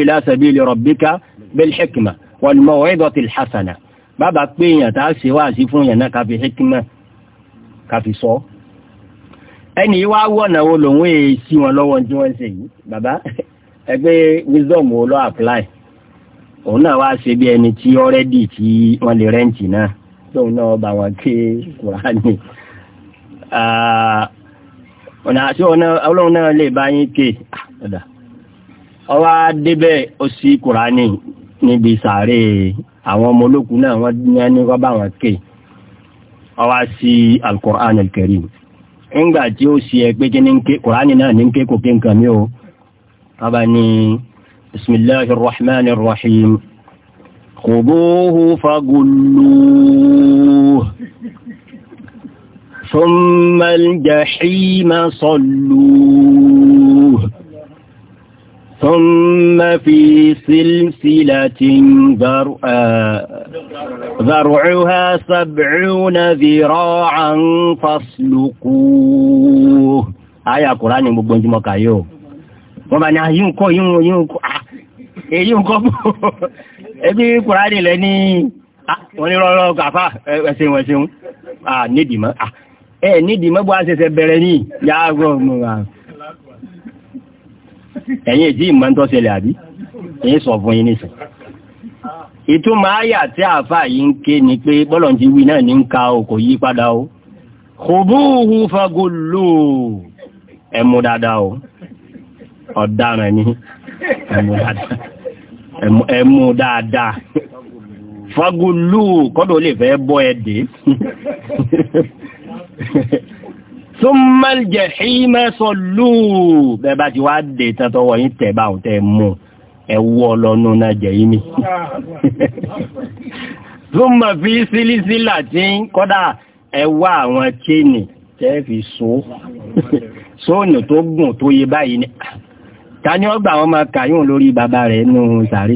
ila sabili rabbika bil hikma wal maw'izatil hasana bàbá pé èèyàn tá a ṣe wá sí fún èèyàn náà ká fi hikma ká fi sọ wá wọ̀nà wo lòun èè sí wọn lọ́wọ́ tí wọ́n ń ṣe yìí bàbá ẹgbẹ́ wisdom wo lọ́ apply òun náà wá ṣe bí ẹni tí ọ́rẹ́dì tí wọ́n lè rẹ́ǹtì náà tóun náà bá wọn ké kùránì àti ọlọ́run náà lè bá yín ké ọwá débẹ̀ ó sí kùránì níbi sàárè àwọn ọmọ olókùn náà wọ́n ní ẹni wọ́n bá wọn ké ọwá sí nígbà tí ó sì ẹ pé kí ní kùránì náà ní nǹkan mi o bá بسم الله الرحمن الرحيم خذوه فغلوه ثم الجحيم صلوه ثم في سلسلة ذرعها سبعون ذراعا فاسلقوه آية قرآن مبنجمك أيوه وما bá ní èyí nǹkan bò ẹbí kùránì lẹ ní ah, onírọ̀rọ̀ gàfà ẹ̀sìn ẹ̀sìn nídìí mọ́ ẹ̀ nídìí mọ́ bó a ṣẹ̀ṣẹ̀ bẹ̀rẹ̀ ní yàgò ẹ̀yìn ìdí ìmọ̀ tó ṣẹlẹ̀ àbí èyí sọ fún yín nìsín ìtumọ̀ àyà tí àfà yìí ń ké ni pé bọ́lọ̀ ti wí náà ní ń ka o yí padà o kòbúhu fagolú ẹ̀mú dáadáa o ọ̀daràn ni ẹ̀mú dáadáa ẹ̀mú dáadáa fagolú kọ́dọ̀ lè fẹ́ bọ́ ẹ̀dẹ́ súnmọ́l jẹ̀hímẹ́ sọlú bẹ́ẹ̀ bá ti wá dé tẹ́tọ́ wọ̀nyí tẹ̀ bá òun tẹ́ mú ẹ̀wọ́ lọ́nú náà jẹ̀hímí súnmọ́ fi sílísílà tí kọ́dà ẹwà àwọn chéènì tẹ́ fi so sóònù tó gùn tó yẹ báyìí ni ta ni ọgbà wọn máa kàyún lórí bàbá rẹ̀ nù sàárè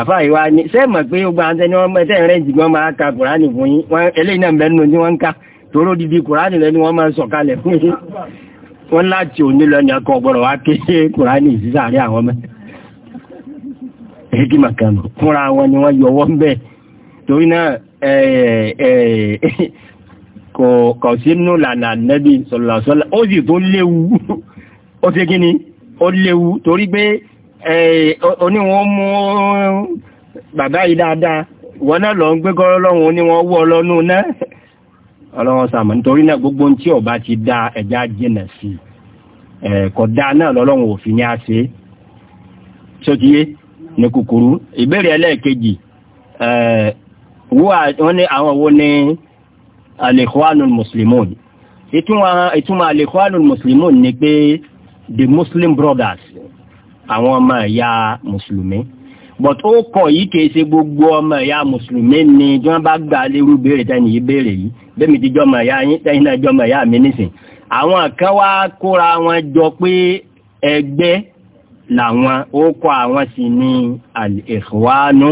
àfà ìwà ni ṣé mọ̀ pé gbogbo àwọn tẹni wọn mẹ́tẹ́ rẹ̀ jì wọ́n máa ka kùránì fún yín wọ́n eléyìí náà mẹ́nu tí wọ́n ń ka tóró dídí kùránì lẹ́ni wọ́n máa sọ̀ kalẹ̀ fún yín wọ́n láti òní lọ ní ọkọ̀ gbọ́dọ̀ wá ké kùránì sí sàárè àwọn ọmọ èyí màkànù fúnra wọn ni wọ́n yọwọ́ ń bẹ̀ torí náà kò sínú lànà nẹ́bí sọ̀lọ̀sọ̀lọ̀ ó sì tó léwu ó ṣe kí ni ó léwu torí pé oníwọ̀n mú bàbá yìí dáadáa wọ́n náà lọ ń gbé gọ́rọ́ lọ́wọ́ oníwọ̀n wọ́ ọlọ́nù náà ọlọ́wọ́n sàmọ̀ nítorí náà gbogbo tí ọba ti dá ẹja jìnà sí kọ̀dá náà lọ́lọ́wọ́n òfin ní a ṣe ṣókíyé ní kúkúrú ìbéèrè ẹlẹ́ẹ̀kejì wọ́n ní àwọn wo ni al Muslimun ìtumọ̀ al Muslimun ni pé the muslim brothers àwọn ọmọ ẹ̀yà mùsùlùmí but ó kọ yìí kìí ṣe gbogbo ọmọ ẹ̀yà mùsùlùmí ni tí wọ́n bá gbà lérú béèrè tẹ́ni yìí béèrè yìí bẹ́mi ti jọmọ ẹ̀yà yín tẹ́yìn náà jọmọ ẹ̀yà mi nísìn àwọn kan wá kóra wọn jọ pé ẹgbẹ́ làwọn ó kọ àwọn sì ní al-ikhwanu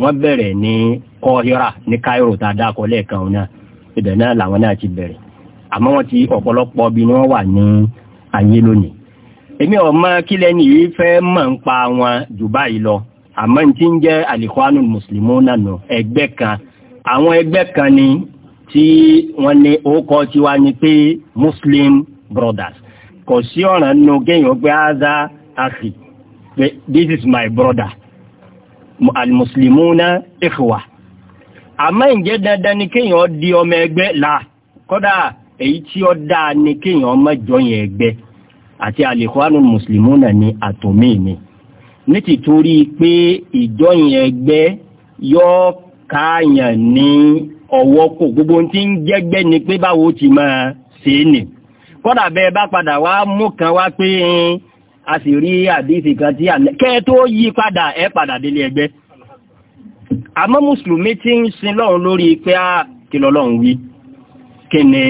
wọ́n bẹ̀rẹ̀ ní Kọ́hírà ní Cairo tá a dákọ̀ lẹ́ẹ̀kan náà ibẹ̀ náà làwọn náà ti bẹ̀rẹ̀ àmọ́ wọ́n ti ọ̀pọ̀lọpọ̀ bí wọ́n wà ní ayé lónìí èmi ọmọ kílẹ̀ ní yìí fẹ́ mọ̀ ń pa wọn jù báyìí lọ àmọ́ ní ti ń jẹ́ alikhwanul muslimuna nù ẹgbẹ́ kan àwọn ẹgbẹ́ kan ni tí wọ́n ní orúkọ tiwa ni pé muslim brothers kò sí ọ̀ràn nù kéèyàn gbé áza àfi this is my brother al-muslimuna ikhwa àmọ́ ǹjẹ́ dandan ni kéèyàn di ọmọ ẹgbẹ́ là kódà èyí tí ó dáa ni kéèyàn mẹ́jọ yẹn ẹgbẹ́ àti al-Ikhwanul Muslimuna ni àtòmí ni ní ti torí pé ìjọ yẹn yóò káàyàn ní ọwọ́ kò gbogbo tí ń jẹ́gbẹ́ ni pé báwo ti máa ṣe é nì kódà bẹ́ẹ̀ bá padà wá mú kan wá pé a sì rí àdéhìí kan tí kẹ́ tó yí padà ẹ padà délé ẹgbẹ́ àmọ́ mùsùlùmí ti ń sin lọ́run lórí pé a kí lọ́lọ́run wí kí ni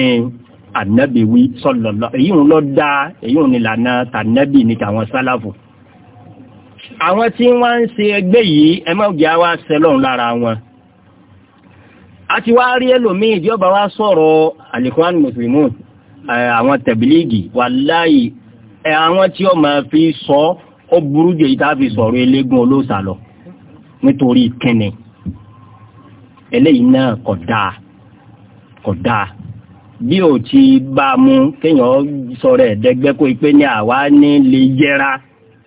ànábì wí sọlọlọ èyí ń lọ dá èyí ń nílànà tànábì ní tàwọn sálàfù àwọn tí wọ́n ń ṣe ẹgbẹ́ yìí ẹ má jẹ́ àwa sẹlọ́n lára wọn a ti wá rí ẹlòmíì bí ọba wa sọ̀rọ̀ alikhwan muslimun àwọn tẹ̀bílíìgì wàláyì àwọn tí ó máa fi sọ ó burú jẹ́ ìta fi sọ̀rọ̀ eléégún olóòsà lọ nítorí kẹ́ni eléyìí náà kò dáa kò dáa bí ò ti bá a mú kéèyàn sọ̀rọ̀ ẹ̀ẹ́dẹ́gbẹ́ kó pé ní àwa ní lè yẹra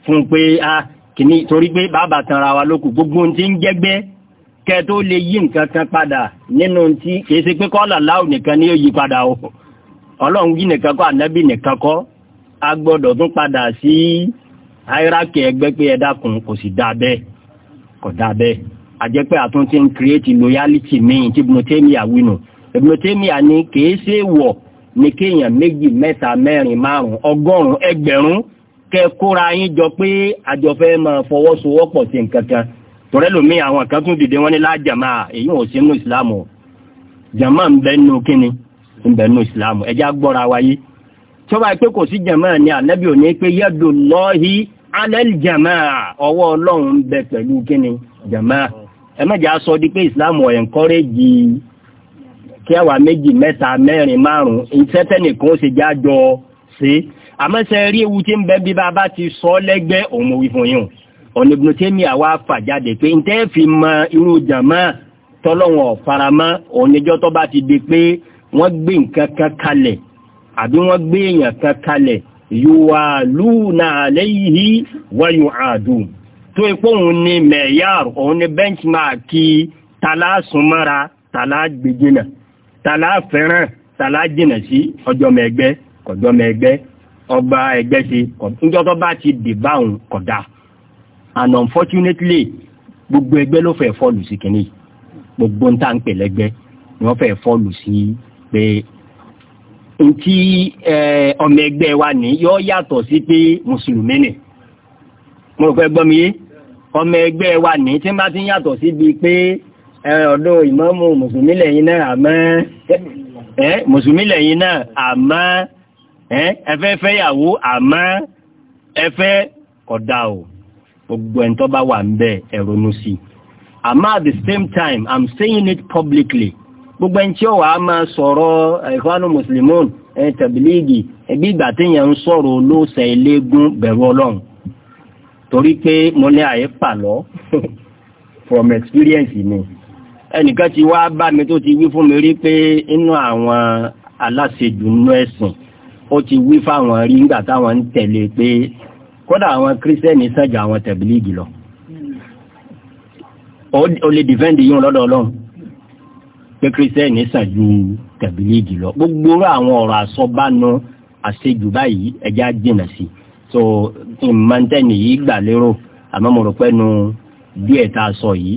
fún pé a kìíní torí pé bàbá tanra wa lókù gbogbo ti ń jẹ́gbẹ́ kẹ tó lè yí nǹkan kan padà nínú ti kìí ṣe pé kọ́ọ̀là láwù nìkan ni yóò yí padà o ọlọ́run yí nìkan kọ́ ànábì nìkan kọ́ a gbọ́dọ̀ tún padà sí háírákì ẹgbẹ́ pé ẹ dákun kò sì dáa bẹ́ẹ̀ kò dáa bẹ́ẹ̀ àjẹpẹ́ àtúntí ń kírètì lóyálítì míì tí mo tẹ́ mi àwinù Ibn Taymiyyah ní kìí ṣe wọ̀ ní kéèyàn méjì mẹ́ta mẹ́rin márùn ọgọ́rùn ẹgbẹ̀rún kẹ kóra yín jọ pé àjọ fẹ́ máa fọwọ́sowọ́pọ̀ sí nǹkan kan tọ́rẹ́ lómi àwọn kan tún dìde wọn ní lájàmá èyí ò sínú ìsìláàmù jàmá ń bẹ nù kíni ń bẹ nù ìsìláàmù ẹjá gbọ́ra wáyé tọ́ba pé kò sí jàmá ni ànábì ò ní pé yẹ́dù lọ́hí alẹ́lì jàmá ọwọ́ ọlọ́run ń bẹ pẹ̀lú kíni jàmá ẹ mẹ́jà sọ di pé ìsìláàmù ẹ̀ ń kọ́rẹ́jì iṣẹ́ àwa méjì mẹ́ta mẹ́rin márùn-ún iṣẹ́ tẹ́nìkan ó ṣe jájọ sí àmọ́ṣẹ́ rí ewu tí ń bẹ bí bàbá ti sọ lẹ́gbẹ́ òun wí fún yín ọ̀nà Ibn Taymiyyah wá fà jáde pé ntẹ́ fi mọ irú jàmá tọ́lọ́wọ̀n faramọ́ òníjọ́ tó bá ti di pé wọ́n gbé nǹkan kan kalẹ̀ àbí wọ́n gbé èèyàn kan kalẹ̀ yòwà lúùnà àlẹ́yìí wáyò àdùn tó ipò òun ni mẹ̀yàr òun ni benchmark tàlásùnmọ́ra tàlágbèjìnà tàlá fẹ́ràn tàlá jìnà sí ọjọ́mọ ẹgbẹ́ kọjọ́mọ ẹgbẹ́ ọba ẹgbẹ́ ṣe níjọ́ tó bá ti dè báwọn kódà and unfortunately gbogbo ẹgbẹ́ ló fẹ́ fọ́ọ̀lù sí kìnnì gbogbo ń tà ń pè lẹ́gbẹ́ ni wọ́n fẹ́ fọ́ọ̀lù sí pé ntí ọmọ ẹgbẹ́ wa ní yọ yàtọ̀ sí pé mùsùlùmí ni mo rò gbọ́ mi yé ọmọ ẹgbẹ́ wa ní tí wọ́n bá ti yàtọ̀ síbi pé ọ̀dọ̀ ìmáàmù mùsùlùmí lẹ́yìn náà àmọ́ mùsùlùmí lẹ́yìn náà àmọ́ ẹfẹ́ fẹ́yàwó àmọ́ ẹfẹ́ kódà o gbogbo ẹni tó bá wà ń bẹ ẹ ronú sí àmọ́ at the same time I'm saying it publicly gbogbo ẹni tí ó wàá máa sọ̀rọ̀ ìfọ́nù mùsùlùmí ẹ tàbílíìgì ẹbí ìgbà téèyàn ń sọ̀rọ̀ olóòṣà eléégún bẹ̀rù ọlọ́run torí pé mo ní àyè pàlọ́ from experience mi ẹnìkan ti wá bá mi tó ti wí fún mi rí pé inú àwọn aláṣejù nínú ẹ̀sìn ó ti wí fáwọn rí nígbà táwọn ń tẹ̀lé pé kódà àwọn kírísítẹ́nì sàjà àwọn tẹ̀bílíìgì lọ ó lè dìfẹ́ǹdì yín lọ́dọ̀ ọlọ́run pé kírísítẹ́nì sàn ju tẹ̀bílíìgì lọ gbogbo àwọn ọ̀rọ̀ àsọbánu àṣejù báyìí ẹja jìnà sí so ìmọ̀ntẹ́nì yìí gbà lérò àmọ́ mo rò pẹ́nu díẹ̀ tá a sọ yìí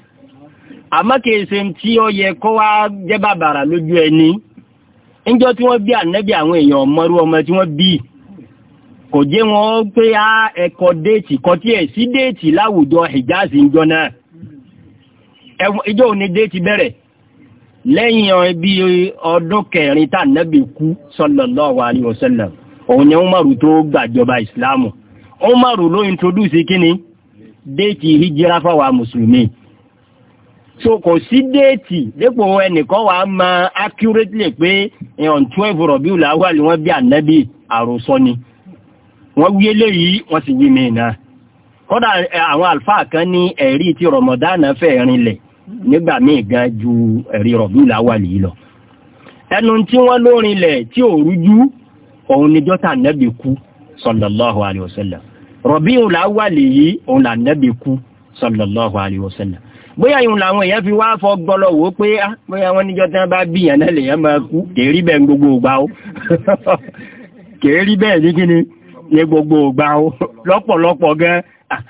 àmọ́ kìí ṣe tí ó yẹ kó wá jẹ́ bàbàrà lójú ẹni níjọ́ tí wọ́n bí ànẹ́bí àwọn èèyàn ọmọrú ọmọ tí wọ́n bí kò jẹ́ wọn pé á ẹ̀kọ́ déètì kọ tí ẹ̀ sí déètì láwùjọ Hijazi níjọ́ náà ìjọ́ òní déètì bẹ̀rẹ̀ lẹ́yìn bí ọdún kẹrin tá ànẹ́bí kú sallallahu alaihi wasallam òun ni Umaru tó gbàjọba ìsìláàmù Umaru ló introduce kíni déètì hijira mùsùlùmí so kò sí déètì dépò ẹnìkan wàá mọ accurately pé eh, on twelve rọ̀bíù làwọn àlè wọ́n bí ànábì àròsọ ni wọ́n wí eléyìí wọ́n sì yí mi náà kódà eh, àwọn àlùfáà kan ní ẹ̀rí ti rọ̀mọ̀dánà fẹ́ rinlẹ̀ nígbà míì gan ju ẹ̀rí rọ̀bíù làwọn àlè yìí lọ ẹnu tí wọ́n lórin lẹ̀ tí ò rújú òun ni jọ́ta nẹ́bì kú sallallahu alayhi wa sallam Rabiul Awwal yìí òun là nẹ́bì kú sallallahu alayhi wa bóyá ìhun làwọn èèyàn fi wá fọ gbọlọ wò pé á ah, bóyá wọn níjọ tí bá bí yàn náà lèèyàn máa kú kèérí bẹ́ẹ̀ gbogbo ògbà ó kèérí bẹ́ẹ̀ ní kíni ní gbogbo ògbà ó lọ́pọ̀lọpọ̀ gan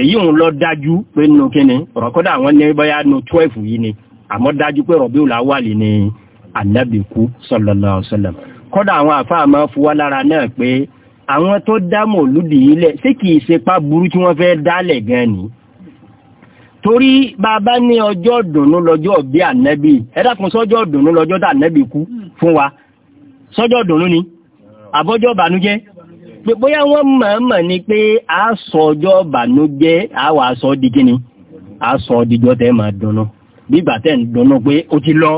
èyí òun lọ dájú pé nù kíni rọ̀kọ́dà àwọn ní bóyá nù twelve yìí ni àmọ́ dájú pé rọ̀bíù làwálì ni ànábìkú sallallahu alaihi wasallam kọ́dà àwọn àfáà máa fúwá lára náà pé àwọn tó dá mọ̀lúdì yìí lẹ̀ sí kìí ṣe pá burú tí wọ́n fẹ́ dálẹ̀ gan ni torí bàbá ní ọjọ́ dùnú lọ́jọ́ bí ànẹ́bí ẹ̀dàkùn sọ́jọ́ dùnú lọ́jọ́ dà ànẹ́bí kú fún wa sọ́jọ́ dùnú ni àbọ́jọ́ bànújẹ́ pé bóyá wọ́n mọ̀ọ́mọ̀ ni pé a sọ a sọ tẹ́ máa ń pé ó ti lọ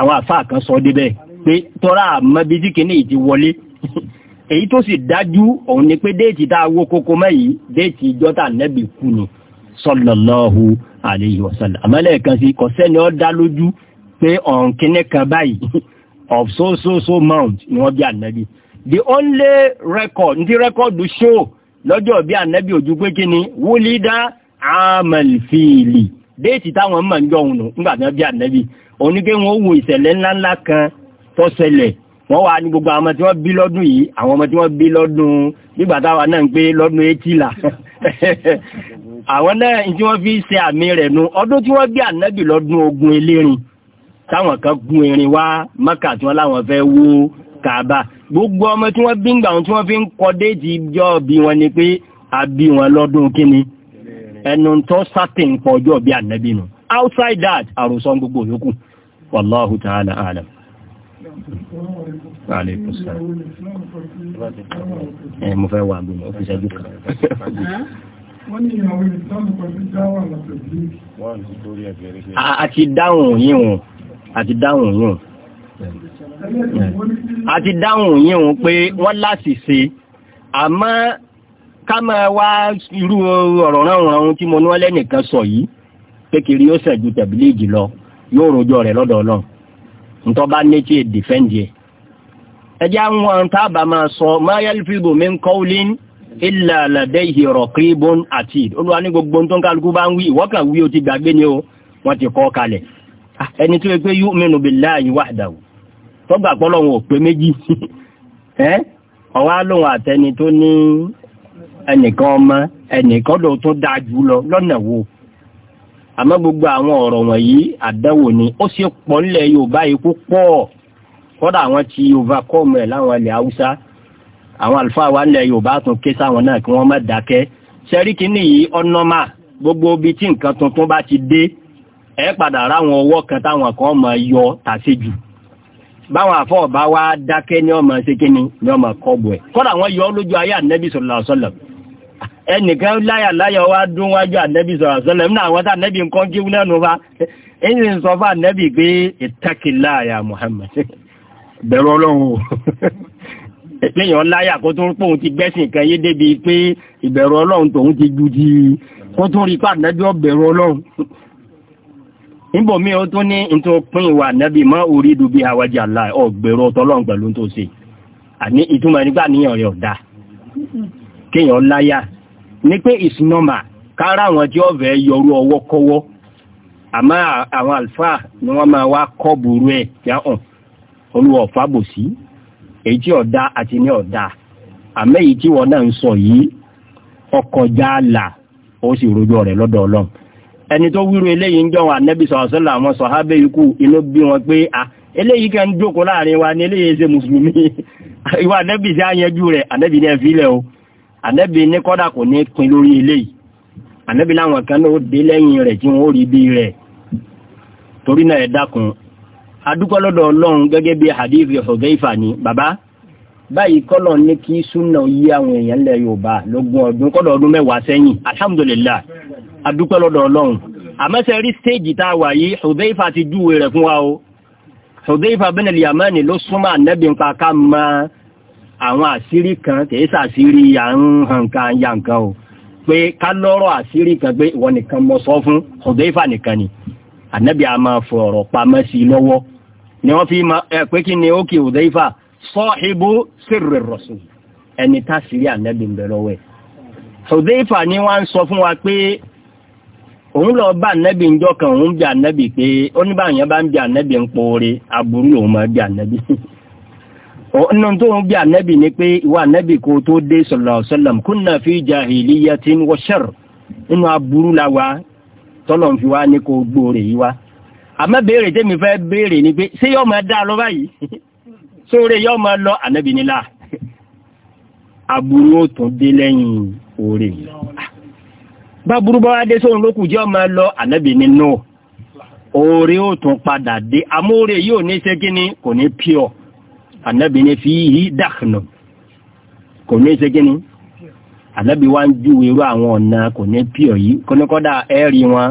àwọn kan sọ débẹ̀ pé tọ́ra àmọ́ bí tí ti wọlé èyí tó sì dájú òun ni pé déètì tá a kókó mẹ́yìí déètì ìjọ́ta sallallahu alayhi wa sallam àmọ́lẹ̀ kan sí kọ̀sẹ́ni ó dá lójú pé ọ̀n kíní kan báyìí of so so so mount ni wọ́n bí ànábì the only record ní record show lọ́jọ́ bí ànábì ojú pé kíni wúlídà àmàlfìlì déètì táwọn mọ̀ ń jọ òun nù nígbà tí wọ́n bí ànábì òun ní pé wọ́n wo ìṣẹ̀lẹ̀ ńláńlá kan tó ṣẹlẹ̀ wọ́n wà ní gbogbo àwọn ọmọ tí wọ́n bí lọ́dún yìí àwọn ọmọ tí wọ́n bí lọ́dún nígbà táwa náà ń pé lọ́dún etí là àwọn náà tí wọ́n fi ṣe àmì rẹ̀ nu ọdún tí wọ́n gbé ànábì lọ́dún ogun elérin táwọn kan gun erin wá mọ́kà tí wọ́n láwọn fẹ́ wó kàbà gbogbo ọmọ tí wọ́n bí ń gbà wọn tí wọ́n fi ń kọ déètì ìjọ bí wọn ni pé a bí wọn lọ́dún kíni ẹnu tó sátìn pọ̀ ọjọ́ bí ànábì nu outside that àròsọ gbogbo yòókù wallahu ta'ala alam. mo fẹ́ wà gbogbo, ó fi kan wọ́n ní ìyàwó ìsìlámù pẹ̀lú dáwà lọ́pẹ̀lú. wọ́n ti torí ẹgbẹ̀rẹ̀ àti dáhùn yíhun àti dáhùn yíhun àti dáhùn yíhun pé wọ́n láṣìṣe àmọ́ ká máa wá irú ọ̀rọ̀ ránran tí mo ní wọ́n lẹ́nìkan sọ yìí pé kiri yóò sàn ju tẹ̀bílíìgì lọ yóò rojọ́ rẹ̀ lọ́dọ̀ náà ntọ́ bá ní tí ẹ̀ illa ladayhi raqibun atid olúwa ní gbogbo tó ń kálukú bá ń wí ìwọ́kàn wí o ti gbàgbé ni o wọ́n ti kọ́ kalẹ̀ ah, ẹni tó yẹ pé yu'minu billahi wahdahu tọ́gbà pọ́lọ́hún ò pé méjì ọwá lóhun àtẹni tó ní ẹnìkan ọmọ ẹnìkan ló tún dáa jù lọ lọ́nà wo àmọ́ gbogbo àwọn ọ̀rọ̀ wọ̀nyí àdánwò ni ó sì pọ̀ nílẹ̀ Yorùbá yìí púpọ̀ kọ́dà àwọn ti Yorùbá ẹ̀ láwọn ilẹ̀ Haúsá àwọn àlùfáà wa nílẹ̀ Yorùbá tún ké sáwọn náà kí wọ́n má dákẹ́ sẹ́ríkì nìyí ọ̀nọ́mà gbogbo ibi tí nǹkan tuntun bá ti dé ẹ padà ráwọn ọwọ́ kan táwọn kan mọ̀ yọ tàṣe jù báwọn àfọ̀ọ̀bá wa dákẹ́ ní ọmọ ṣe kíni ní ọmọ kọ́bù ẹ̀ kọ́dà wọ́n yọ lójú ayé ànẹ́bí sallallahu alaihi wasallam ẹnìkan láyà láyà wá dún wájú ànẹ́bí sallallahu alaihi wasallam nínú àwọn tá ànẹ́bí nǹkan kí wúlẹ̀ nù fa ẹni sọ fún ànẹ́bí pé ittaqillah ya Muhammad bẹ̀rù ọlọ́run o kéèyàn láyà kó tó ti gbẹ́sìn kan yé débi pé ìbẹ̀rù ọlọ́run tòun ti ju ti kó tó rí pa ànábì ọlọ́run. níbo mi ó tún ní nítorí pín ìwà mọ́ orí dubi àwájà la ọ̀gbẹ̀rù ọtọ́lọ́run pẹ̀lú tó ṣe àní ìtumọ̀ nígbà ọ̀dà kéèyàn láyà pé kára àwọn tí yọrú ọwọ́ kọ́wọ́ àmọ́ àwọn àlùfáà ni wọ́n máa wá èyí tí ọ̀dá àti ní ọ̀dá àmẹ́yìí tí wọ́n náà ń sọ yìí ọkọjá là ó sì rojọ́ rẹ̀ lọ́dọ̀ ẹni tó wíru eléyìí ń jọ wọn àwọn sọ̀hábẹ́ ikú inú wọn pé a eléyìí kan jókòó láàrin wa ni eléyìí ṣe mùsùlùmí sí rẹ̀ ní ẹ̀fílẹ̀ o ní kọ́dà pin lórí eléyìí láwọn kan náà ó dé lẹ́yìn rẹ̀ tí wọ́n ó rí bí rẹ̀ torí adúpẹ́ lọ́dọ̀ ọlọ́run gẹ́gẹ́ bí hadith Hudhayfa ni bàbá báyìí kọ́lọ̀ ní kí súnà yí àwọn èèyàn lẹ̀ Yorùbá lógún ọdún kọ́lọ̀ ọdún mẹ́wàá sẹ́yìn alhamdulillah adúpẹ́ lọ́dọ̀ ọlọ́run àmẹ́sẹ̀ rí stéèjì tá a wà yìí Hudhayfa ti júwe rẹ̀ fún wa o Hudhayfa bin al-Yamani ló súnmọ́ ànẹ́bí ń pa ká mọ àwọn àṣírí kan kìí sàṣírí àrùn o pé ká lọ́rọ̀ àṣírí kan pé ìwọ nìkan mọ̀ sọ fún Hudhayfa nìkan ni ànẹ́bí a máa fọ ọ̀rọ̀ sí lọ́wọ́ ni wọ́n fi eh, pé kí ni ókè òdẹ́ifà sọ́ọ̀hìbú sírì rọ̀sù ẹni tá sírí ànẹ́bì ń bẹ̀rọ wẹ̀. ni wọ́n sọ fún wa pé òun lọ bá ànẹ́bì ń jọ kan òun bí ànẹ́bì pé ó ní báyẹn bá ń bí ànẹ́bì ń poore aburú lòun máa bí ànẹ́bì. nínú tó ń bí ànẹ́bì ni pé ìwà ànẹ́bì kò tó dé sallallahu aburú la wa tọ́lọ̀ àmọ́ béèrè tẹ́mi fẹ́ béèrè ni pé ṣé yọ́ máa dá lọ báyìí sóore yọ́ máa lọ ànábì nílá aburú ó tún dé lẹ́yìn oore báburú bá wá dé sóhun lókù jẹ́ máa lọ ànábì nínú oore ó tún padà dé amóore yóò ní ṣe kíní kò ní pure ànábì ní fi yí dàkùnà kò ní ṣe kíní ànábì wá ń ju irú àwọn ọ̀nà kò ní pure yìí kọ́nìkọ́dà ẹ̀rí wọn.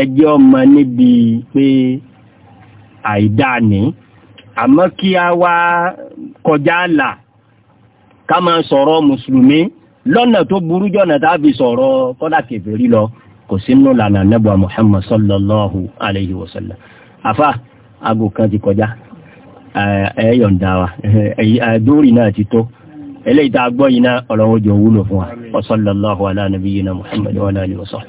ẹjẹ́ ọmọ níbi pé àìdáni àmọ́ kí a wá kọjá àlà ká máa sọ̀rọ̀ mùsùlùmí lọ́nà tó burú jọ̀nà tá a fi sọ̀rọ̀ kọ́dà kèfèrí lọ kò sínú lànà nẹ́bà Muhammad sallallahu alayhi wa sallam afa aago kan ti kọjá ẹ yọ̀ǹda wa dórí náà ti tó eléyìí tá a gbọ́ yìí náà ọlọ́wọ́ jọ wúlò fún wa wa sallallahu ala nabiyyina Muhammad wa ala